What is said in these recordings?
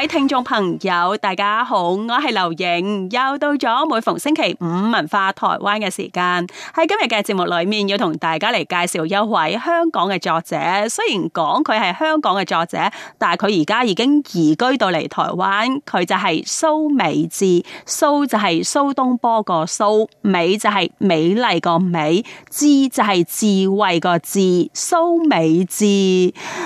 各位聽眾朋友，大家好，我係劉瑩，又到咗每逢星期五文化台灣嘅時間，喺今日嘅節目裏面要同大家嚟介紹一位香港嘅作者。雖然講佢係香港嘅作者，但係佢而家已經移居到嚟台灣。佢就係蘇美智，蘇就係蘇東坡個蘇，美就係美麗個美，智就係智慧個智。蘇美智，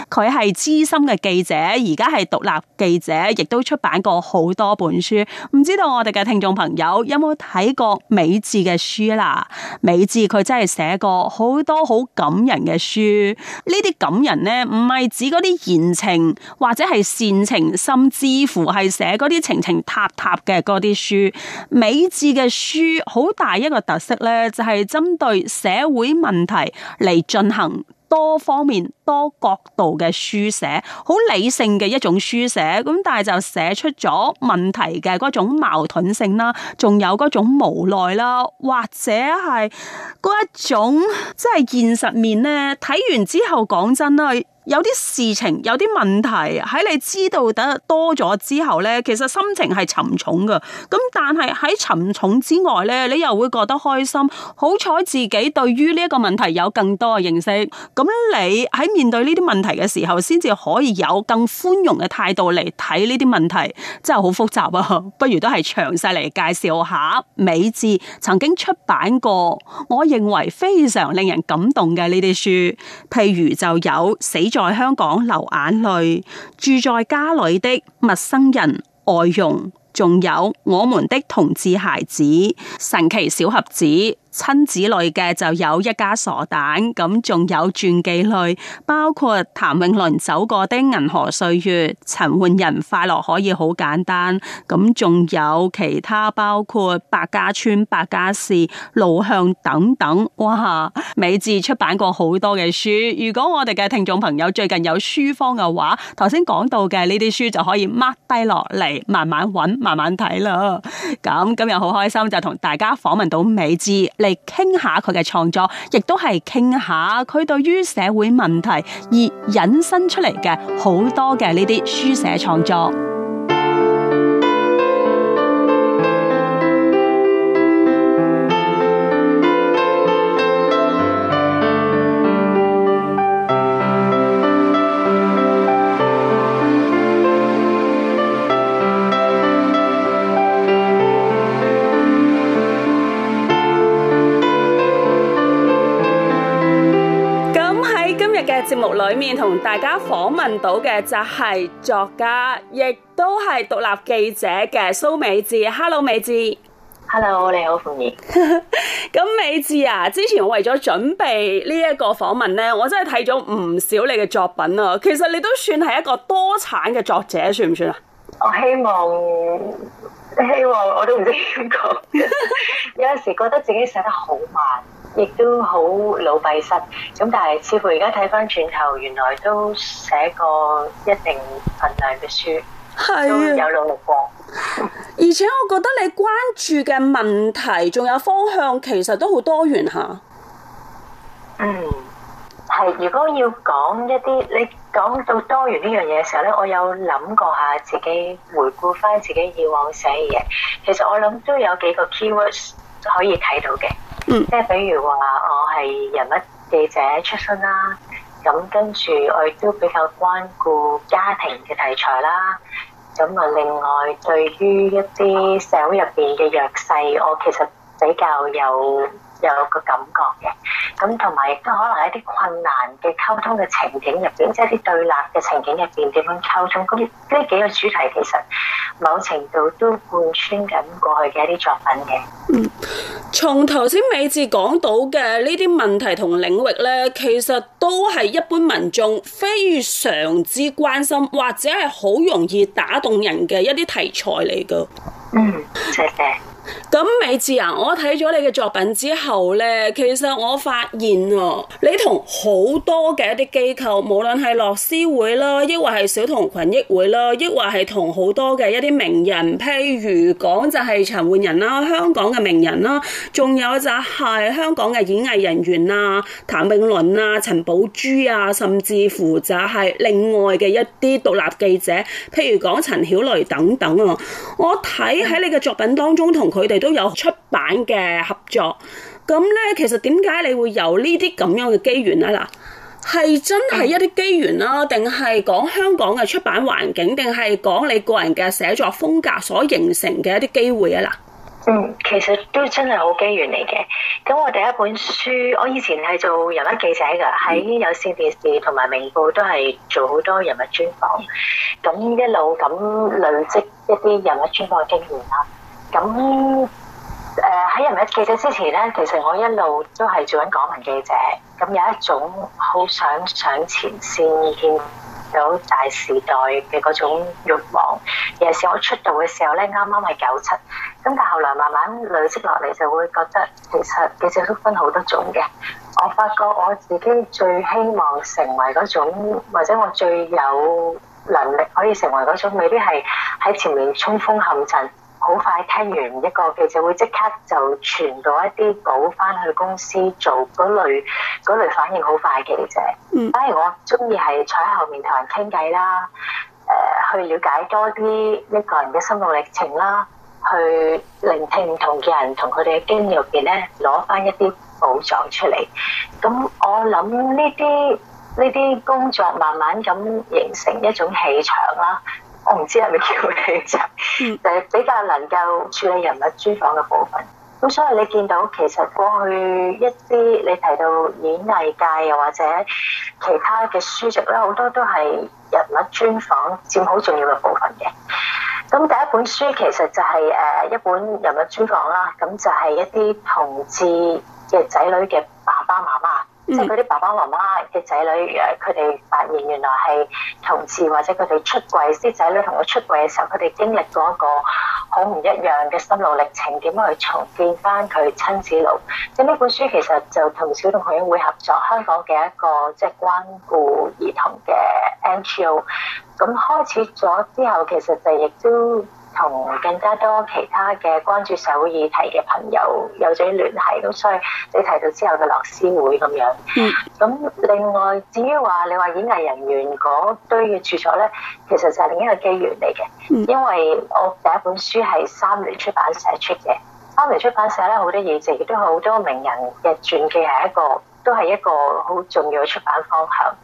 佢係資深嘅記者，而家係獨立記者。亦都出版過好多本書，唔知道我哋嘅聽眾朋友有冇睇過美智嘅書啦？美智佢真係寫過好多好感人嘅書。呢啲感人呢，唔係指嗰啲言情或者係煽情，甚至乎係寫嗰啲情情塔塔嘅嗰啲書。美智嘅書好大一個特色呢，就係針對社會問題嚟進行，多方面、多角度嘅書寫，好理性嘅一種書寫，咁但係就寫出咗問題嘅嗰種矛盾性啦，仲有嗰種無奈啦，或者係嗰一種即係現實面咧，睇完之後講真啦。有啲事情，有啲問題，喺你知道得多咗之後咧，其實心情係沉重嘅。咁但係，喺沉重之外咧，你又會覺得開心。好彩自己對於呢一個問題有更多嘅認識，咁你喺面對呢啲問題嘅時候，先至可以有更寬容嘅態度嚟睇呢啲問題，真係好複雜啊！不如都係詳細嚟介紹下美智曾經出版過我認為非常令人感動嘅呢啲書，譬如就有死。在香港流眼淚，住在家裏的陌生人外傭，仲有我們的同志孩子，神奇小盒子。親子類嘅就有一家傻蛋，咁仲有傳記類，包括譚詠麟走過的銀河歲月，陳煥仁快樂可以好簡單，咁仲有其他包括百家村、百家事、路向等等，哇！美智出版過好多嘅書，如果我哋嘅聽眾朋友最近有書荒嘅話，頭先講到嘅呢啲書就可以 mark 低落嚟，慢慢揾，慢慢睇啦。咁今日好開心就同大家訪問到美智，嚟傾下佢嘅創作，亦都係傾下佢對於社會問題而引申出嚟嘅好多嘅呢啲書寫創作。節目裏面同大家訪問到嘅就係作家，亦都係獨立記者嘅蘇美智。Hello 美智，Hello 你好，歡迎。咁 美智啊，之前我為咗準備呢一個訪問咧，我真係睇咗唔少你嘅作品啊。其實你都算係一個多產嘅作者，算唔算啊？我希望，希望我都唔知點講， 有陣時覺得自己寫得好慢，亦都好老閉塞，咁但係似乎而家睇翻轉頭，原來都寫過一定份量嘅書，係的有努力過。而且我覺得你關注嘅問題，仲有方向，其實都好多元吓。嗯，係。如果要講一啲，你講到多元呢樣嘢嘅時候咧，我有諗過下自己回顧翻自己以往寫嘅嘢，其實我諗都有幾個 keywords。可以睇到嘅，即係比如話我係人物記者出身啦，咁跟住我亦都比較關顧家庭嘅題材啦，咁啊，另外對於一啲社會入邊嘅弱勢，我其實比較有有個感覺嘅。咁同埋亦都可能一啲困難嘅溝通嘅情景入邊，即係一啲對立嘅情景入邊點樣溝通？咁呢幾個主題其實某程度都貫穿緊過去嘅一啲作品嘅。嗯，從頭先美智講到嘅呢啲問題同領域咧，其實都係一般民眾非常之關心，或者係好容易打動人嘅一啲題材嚟嘅。嗯，謝謝。咁美智啊，我睇咗你嘅作品之後咧，其實我發現哦、啊，你同好多嘅一啲機構，無論係樂施會啦，抑或係小童群益會啦，抑或係同好多嘅一啲名人，譬如講就係陳煥仁啦，香港嘅名人啦，仲有就係香港嘅演藝人員啊，譚詠麟啊，陳寶珠啊，甚至乎就係另外嘅一啲獨立記者，譬如講陳曉蕾等等啊，我睇喺你嘅作品當中同。佢哋都有出版嘅合作，咁咧其實點解你會有這這呢啲咁樣嘅機緣啊？嗱、嗯，係真係一啲機緣啦，定係講香港嘅出版環境，定係講你個人嘅寫作風格所形成嘅一啲機會啊？嗱，嗯，其實都真係好機緣嚟嘅。咁我第一本書，我以前係做人物記者㗎，喺、嗯、有線電視同埋明報都係做好多人物專訪，咁一路咁累積一啲人物專訪嘅經驗啦。咁誒，喺人物記者之前咧，其實我一路都係做緊港聞記者，咁有一種好想上前線見到大時代嘅嗰種慾望。尤其是我出道嘅時候咧，啱啱係九七，咁但後來慢慢累積落嚟，就會覺得其實記者都分好多種嘅。我發覺我自己最希望成為嗰種，或者我最有能力可以成為嗰種，未必係喺前面衝鋒陷陣。好快聽完一個記者會，即刻就傳到一啲稿翻去公司做嗰類嗰類反應好快嘅記者。反而我中意係坐喺後面同人傾偈啦，誒、呃、去了解多啲一個人嘅心路歷程啦，去聆聽唔同嘅人同佢哋嘅經驗入邊咧，攞翻一啲寶藏出嚟。咁我諗呢啲呢啲工作慢慢咁形成一種氣場啦。我唔知係咪叫你，就係、是、比較能夠處理人物專訪嘅部分。咁所以你見到其實過去一啲你提到演藝界又或者其他嘅書籍咧，好多都係人物專訪占好重要嘅部分嘅。咁第一本書其實就係誒一本人物專訪啦，咁就係一啲同志嘅仔女嘅爸爸媽媽。嗯、即係啲爸爸媽媽嘅仔女誒，佢哋發現原來係同志，或者佢哋出櫃，啲仔女同佢出櫃嘅時候，佢哋經歷過一個好唔一樣嘅心路歷程，點樣去重建翻佢親子路。咁呢本書其實就同小童權益會合作，香港嘅一個即係、就是、關顧兒童嘅 NGO，咁開始咗之後，其實就亦都。同更加多其他嘅關注社會議題嘅朋友有咗啲聯繫咯，所以你提到之後嘅樂師會咁樣。嗯。咁另外，至於話你話演藝人員嗰堆嘅著作咧，其實就係另一個機緣嚟嘅。因為我第一本書係三聯出版社出嘅，三聯出版社咧，好多嘢，亦都好多名人嘅傳記係一個。都係一個好重要嘅出版方向。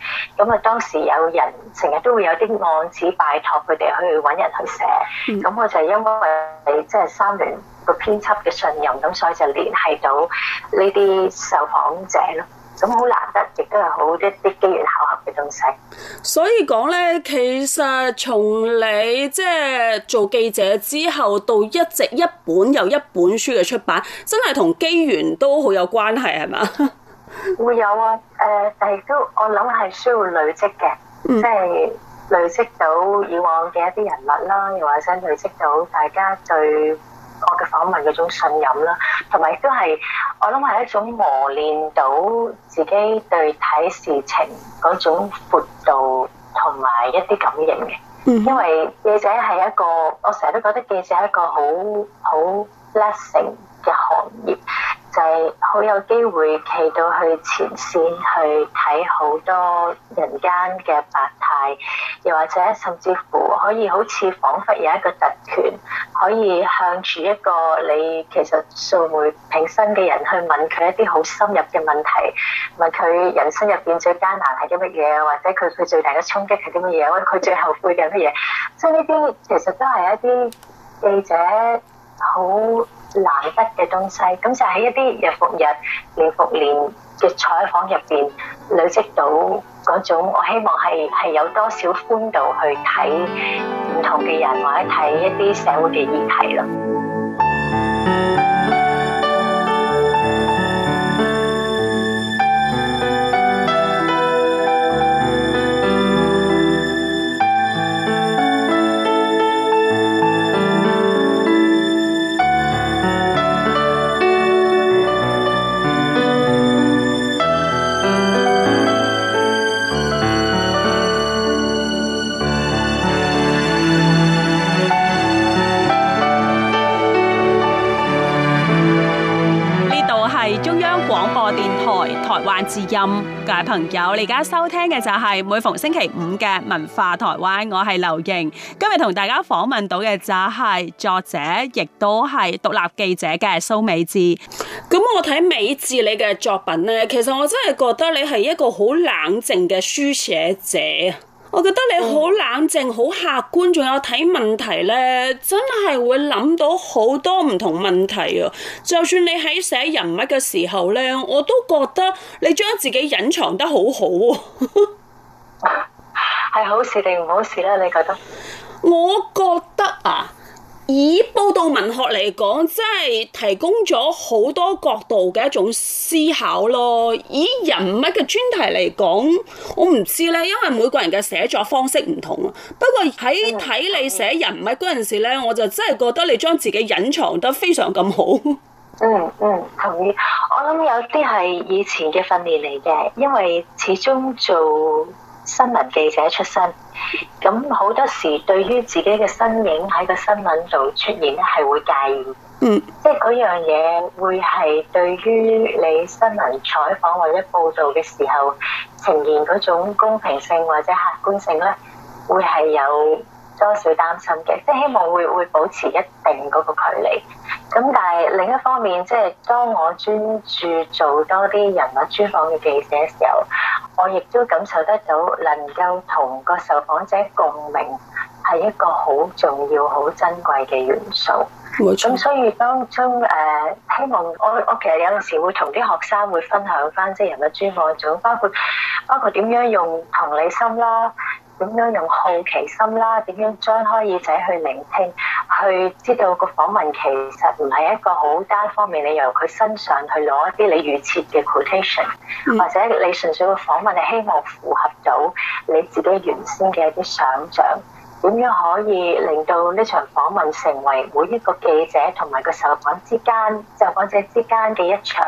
咁啊，當時有人成日都會有啲案子拜託佢哋去揾人去寫。咁、嗯、我就因為你即係、就是、三聯個編輯嘅信任，咁所以就聯繫到呢啲受訪者咯。咁好難得，亦都係好一啲機緣巧合嘅東西。所以講咧，其實從你即係、就是、做記者之後，到一直一本又一本書嘅出版，真係同機緣都好有關係，係嘛？ 會有啊，誒、呃，但係都我諗係需要累積嘅，mm hmm. 即係累積到以往嘅一啲人物啦，又或者累積到大家對我嘅訪問嗰種信任啦，同埋亦都係我諗係一種磨練到自己對睇事情嗰種闊度同埋一啲感應嘅，mm hmm. 因為記者係一個，我成日都覺得記者係一個好好 blessing 就係好有機會企到去前線去睇好多人間嘅百態，又或者甚至乎可以好似彷彿有一個特權，可以向住一個你其實素昧平生嘅人去問佢一啲好深入嘅問題，問佢人生入邊最艱難係啲乜嘢，或者佢佢最大嘅衝擊係啲乜嘢，或者佢最後悔嘅係乜嘢，即係呢啲其實都係一啲記者好難得嘅東西，咁就喺一啲日復日、年復年嘅採訪入面累積到嗰種我希望係有多少寬度去睇唔同嘅人，或者睇一啲社會嘅議題。之音各位朋友，你而家收聽嘅就係每逢星期五嘅文化台灣，我係劉瑩。今日同大家訪問到嘅就係作者，亦都係獨立記者嘅蘇美智。咁我睇美智你嘅作品咧，其實我真係覺得你係一個好冷靜嘅書寫者啊。我覺得你好冷靜、好客觀，仲有睇問題呢，真係會諗到好多唔同問題啊！就算你喺寫人物嘅時候呢，我都覺得你將自己隱藏得好好、啊、喎。係 好事定唔好事呢？你覺得？我覺得啊。以報道文學嚟講，真係提供咗好多角度嘅一種思考咯。以人物嘅專題嚟講，我唔知咧，因為每個人嘅寫作方式唔同啊。不過喺睇你寫人物嗰陣時咧，我就真係覺得你將自己隱藏得非常咁好。嗯嗯，同意。我諗有啲係以前嘅訓練嚟嘅，因為始終做，新聞記者出身，咁好多時對於自己嘅身影喺個新聞度出現咧，係會介意。嗯，mm. 即係嗰樣嘢會係對於你新聞採訪或者報導嘅時候呈現嗰種公平性或者客觀性咧，會係有多少擔心嘅？即係希望會會保持一定嗰個距離。咁但係另一方面，即係當我專注做多啲人物專訪嘅記者嘅時候，我亦都感受得到能夠同個受訪者共鳴係一個好重要、好珍貴嘅元素。咁冇錯。所以當中誒、呃，希望我我其實有陣時會同啲學生會分享翻，即係人物專訪嘅種，包括包括點樣用同理心啦。點樣用好奇心啦，點樣張開耳仔去聆聽，去知道個訪問其實唔係一個好單方面理由，你由佢身上去攞一啲你預設嘅 quotation，或者你純粹個訪問係希望符合到你自己原先嘅一啲想象，點樣可以令到呢場訪問成為每一個記者同埋個受訪之間就受訪者之間嘅一場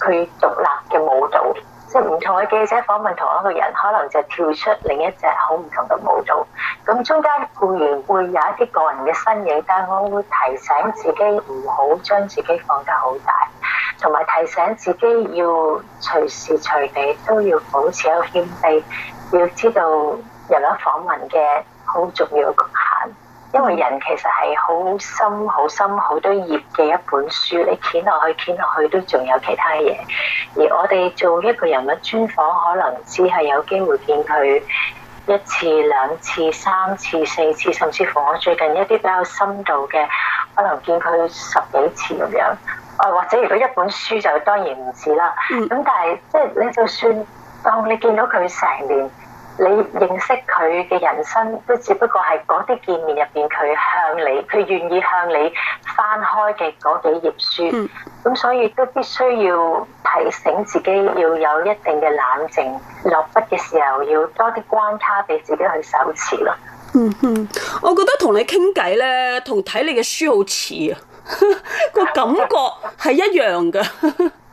佢獨立嘅舞蹈。即唔同嘅記者訪問同一個人，可能就跳出另一隻好唔同嘅舞蹈，咁中間固然會有一啲個人嘅身影，但係我會提醒自己唔好將自己放得好大，同埋提醒自己要隨時隨地都要保持一個謙卑，要知道人嚟訪問嘅好重要嘅角色。因為人其實係好深、好深、好多頁嘅一本書，你掀落去、掀落去都仲有其他嘢。而我哋做一個人物專訪，可能只係有機會見佢一次、兩次、三次、四次，甚至乎我最近一啲比較深度嘅，可能見佢十幾次咁樣。啊，或者如果一本書就當然唔止啦。咁、嗯、但係即係你就算當你見到佢成年。你認識佢嘅人生，都只不過係嗰啲見面入邊，佢向你，佢願意向你翻開嘅嗰幾頁書。咁、嗯、所以都必須要提醒自己要有一定嘅冷靜，落筆嘅時候要多啲關卡俾自己去審視咯。嗯嗯，我覺得同你傾偈咧，同睇你嘅書好似啊，個 感覺係一樣㗎。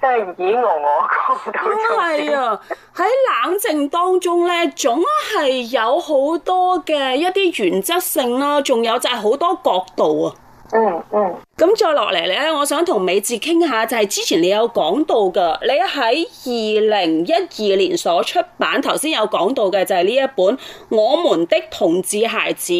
都係以我我角度係啊！喺冷靜當中咧，總係有好多嘅一啲原則性啦、啊，仲有就係好多角度啊。嗯嗯。嗯咁再落嚟咧，我想同美智傾下，就係之前你有講到嘅，你喺二零一二年所出版，頭先有講到嘅就係呢一本《我們的同志孩子》。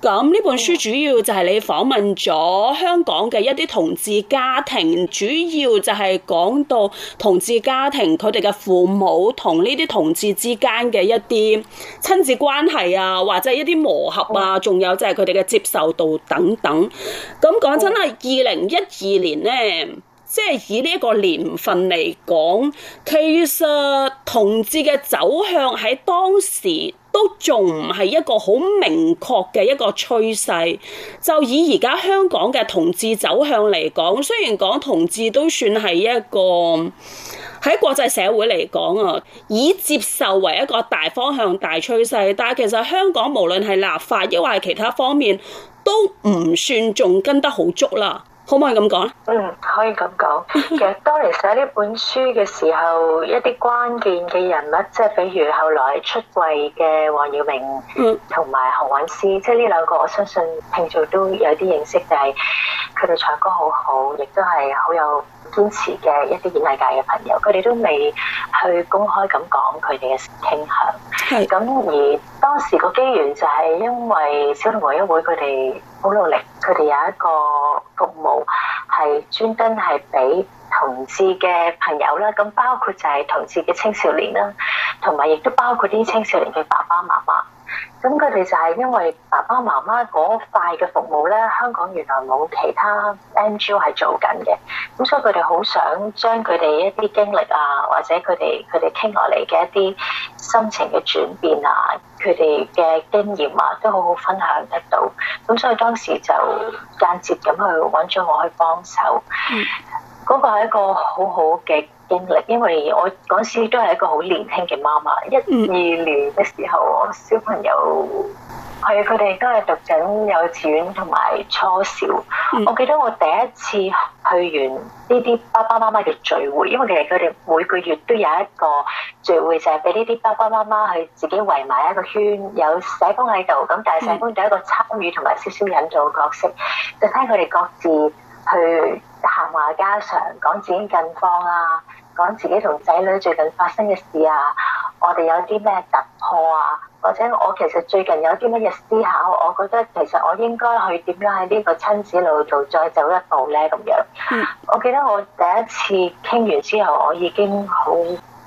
咁呢本書主要就係你訪問咗香港嘅一啲同志家庭，主要就係講到同志家庭佢哋嘅父母同呢啲同志之間嘅一啲親子關係啊，或者一啲磨合啊，仲有就係佢哋嘅接受度等等。咁講真。二零一二年呢，即係以呢個年份嚟講，其實同志嘅走向喺當時都仲唔係一個好明確嘅一個趨勢。就以而家香港嘅同志走向嚟講，雖然講同志都算係一個喺國際社會嚟講啊，以接受為一個大方向、大趨勢，但係其實香港無論係立法，抑或係其他方面，都唔算仲跟得好足啦，可唔可以咁講？嗯，可以咁講。其實當年寫呢本書嘅時候， 一啲關鍵嘅人物，即係比如後來出櫃嘅黃耀明、同埋何韻詩，即係呢兩個，我相信聽眾都有啲認識，就係佢哋唱歌好好，亦都係好有。堅持嘅一啲演藝界嘅朋友，佢哋都未去公開咁講佢哋嘅傾向。咁 而當時個機緣就係因為小童群益會佢哋好努力，佢哋有一個服務係專登係俾同志嘅朋友啦，咁包括就係同志嘅青少年啦，同埋亦都包括啲青少年嘅爸爸媽媽。咁佢哋就係因為爸爸媽媽嗰塊嘅服務咧，香港原來冇其他 NGO 係做緊嘅，咁所以佢哋好想將佢哋一啲經歷啊，或者佢哋佢哋傾落嚟嘅一啲心情嘅轉變啊，佢哋嘅經驗啊，都好好分享得到。咁所以當時就間接咁去揾咗我去幫手，嗰、嗯、個係一個好好嘅經歷，因為我嗰時都係一個好年輕嘅媽媽，一、嗯、二年嘅時候，我小朋友係佢哋都係讀緊幼稚園同埋初小。嗯、我記得我第一次去完呢啲爸爸媽媽嘅聚會，因為其實佢哋每個月都有一個聚會，就係俾呢啲爸爸媽媽去自己圍埋一個圈，有社工喺度。咁但係社工就係一個參與同埋少少引導嘅角色，就聽佢哋各自去閒話家常，講自己近況啊。講自己同仔女最近發生嘅事啊，我哋有啲咩突破啊，或者我其實最近有啲乜嘢思考，我覺得其實我應該去點樣喺呢個親子路度再走一步呢？咁樣。嗯。我記得我第一次傾完之後，我已經好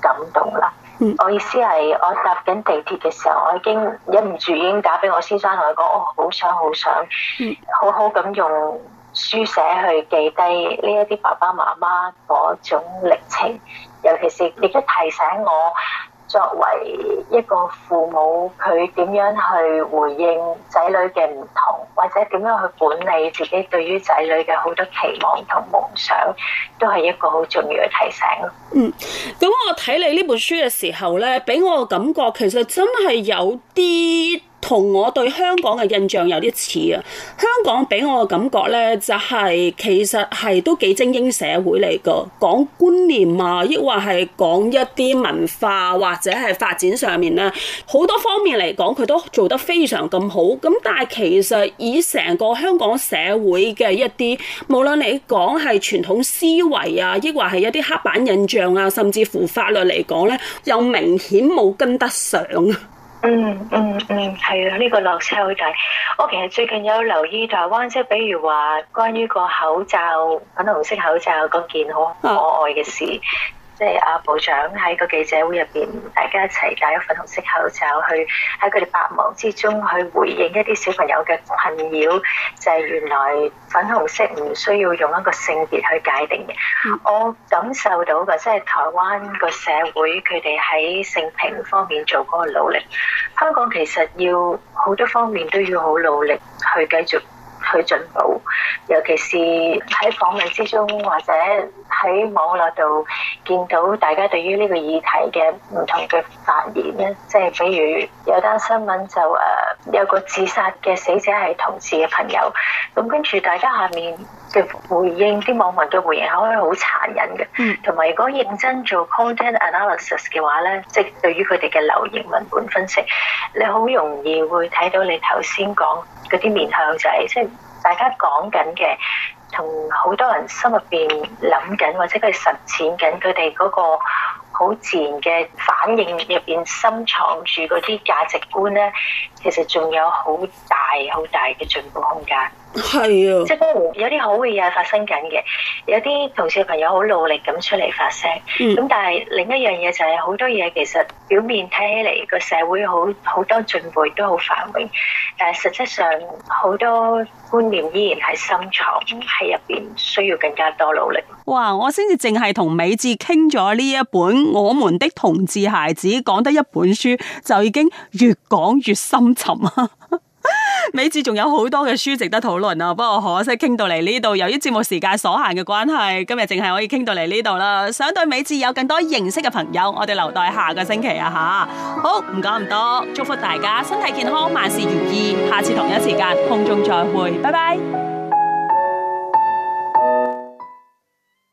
感動啦。嗯。我意思係，我搭緊地鐵嘅時候，我已經忍唔住已經打俾我先生，同佢講，我好想好想，想想嗯，好好咁用。書寫去記低呢一啲爸爸媽媽嗰種歷程，尤其是亦都提醒我，作為一個父母佢點樣去回應仔女嘅唔同，或者點樣去管理自己對於仔女嘅好多期望同夢想，都係一個好重要嘅提醒咯。嗯，咁我睇你呢本書嘅時候咧，俾我感覺其實真係有啲。同我對香港嘅印象有啲似啊！香港俾我嘅感覺咧、就是，就係其實係都幾精英社會嚟㗎。講觀念啊，抑或係講一啲文化、啊、或者係發展上面咧，好多方面嚟講，佢都做得非常咁好。咁但係其實以成個香港社會嘅一啲，無論你講係傳統思維啊，抑或係一啲黑板印象啊，甚至乎法律嚟講咧，又明顯冇跟得上。嗯嗯嗯，係、嗯、啊，呢、嗯這個落差好大。我其實最近有留意台灣，即係比如話關於個口罩粉紅色口罩嗰件好可愛嘅事。即係阿部長喺個記者會入邊，大家一齊戴咗粉紅色口罩去，喺佢哋百忙之中去回應一啲小朋友嘅困擾，就係、是、原來粉紅色唔需要用一個性別去界定嘅。嗯。我感受到嘅即係台灣個社會，佢哋喺性平方面做嗰個努力。香港其實要好多方面都要好努力去繼續去進步，尤其是喺訪問之中或者。喺網絡度見到大家對於呢個議題嘅唔同嘅發言咧，即係比如有單新聞就誒有個自殺嘅死者係同事嘅朋友，咁跟住大家下面嘅回應，啲網民嘅回應可以好殘忍嘅。同埋、嗯、如果認真做 content analysis 嘅話咧，即係對於佢哋嘅留言文本分析，你好容易會睇到你頭先講嗰啲面向就係，即係大家講緊嘅。同好多人心入邊諗緊或者佢實踐緊佢哋嗰個好自然嘅反應入邊深藏住嗰啲價值觀咧，其實仲有好大好大嘅進步空間。係啊，即係都有啲好嘅嘢發生緊嘅，有啲同事朋友好努力咁出嚟發聲，咁、嗯、但係另一樣嘢就係好多嘢其實表面睇起嚟個社會好好多進步都好繁榮，但係實質上好多觀念依然係深藏喺入邊，需要更加多努力。哇！我先至淨係同美智傾咗呢一本《我們的同志孩子》講得一本書，就已經越講越深沉啊！ 美智仲有好多嘅書值得討論啊，不過可惜傾到嚟呢度，由於節目時間所限嘅關係，今日淨係可以傾到嚟呢度啦。想對美智有更多認識嘅朋友，我哋留待下個星期啊吓。好，唔講咁多，祝福大家身體健康，萬事如意。下次同一時間空中再會，拜拜。